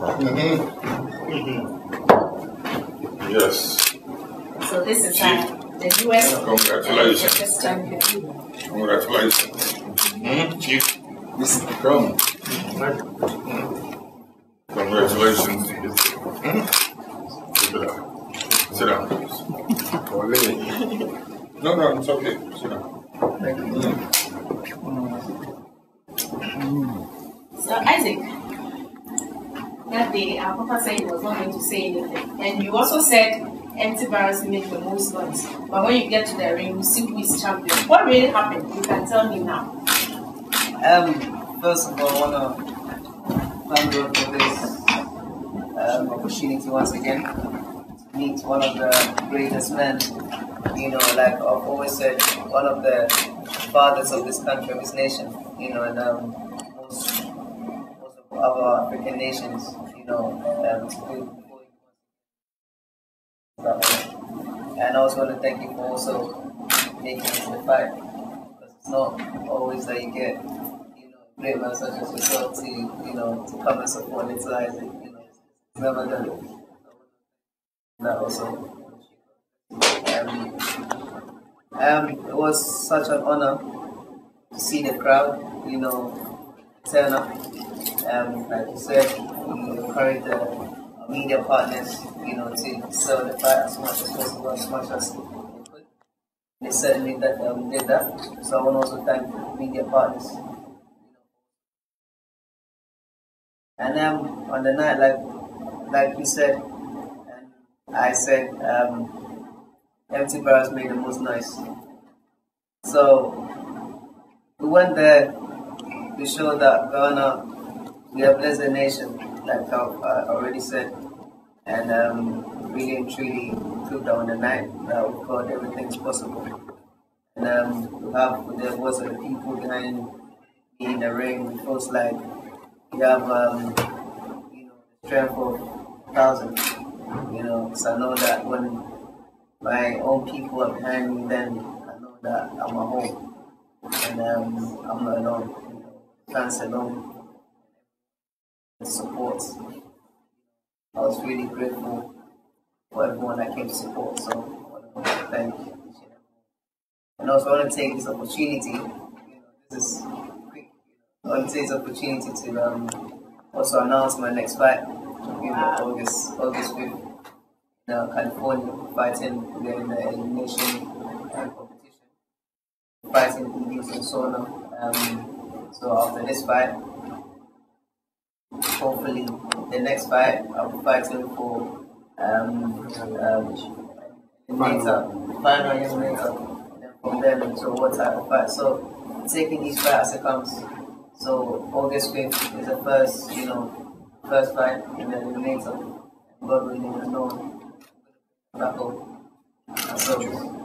-hmm. -hmm. Yes. So this is the U.S. Congratulations. System. Congratulations. Mm -hmm. Chief, this is the crown. Congratulations. Mm-hmm. Sit down. Sit down. no, no, it's okay. Sit down. Thank you. So Isaac that day, our papa said he was not going to say anything. And you also said empty barrels make the most noise. But when you get to the ring, you see who is champion. What really happened? You can tell me now. Um, first of all, I want to thank God for this um, opportunity once again to meet one of the greatest men. You know, like I've always said, one of the fathers of this country, of this nation. You know, and um, most our African nations, you know, um, and I also want to thank you for also making the fight because it's not always that you get, you know, great men such as yourself to, you know, to come and support and utilize You know, it's never done. That also. Um, um, it was such an honor to see the crowd, you know, turn up. Um, like you said, we encourage the media partners, you know, to sell the fight as much as possible, as much as could. They certainly that, um, did that. So I want to also thank the media partners. And then um, on the night, like like you said, and I said, um, Empty Barrels made the most noise. So we went there to show that Ghana, we have blessed the nation, like i uh, already said, and um, really and truly proved on the night that with God everything's possible. And um, we have there was a people behind me in the ring, it was like we have um, you know the strength of thousands. You know, so I know that when my own people are behind me, then I know that I'm at home and um, I'm not alone fans along the support. I was really grateful for everyone that came to support. So I want to thank you. And also I want to take this opportunity, this quick, I want to take this opportunity to um, also announce my next fight in wow. August, August 5th. now uh, California, fighting in the elimination competition, fighting in and so Um, so after this fight, hopefully the next fight, i I'll be fighting for um, um later, final years later. Then from there into what type of fight. So taking each fight as it comes. So August fifth is the first, you know, first fight in the later. God willing, there's no battle. So,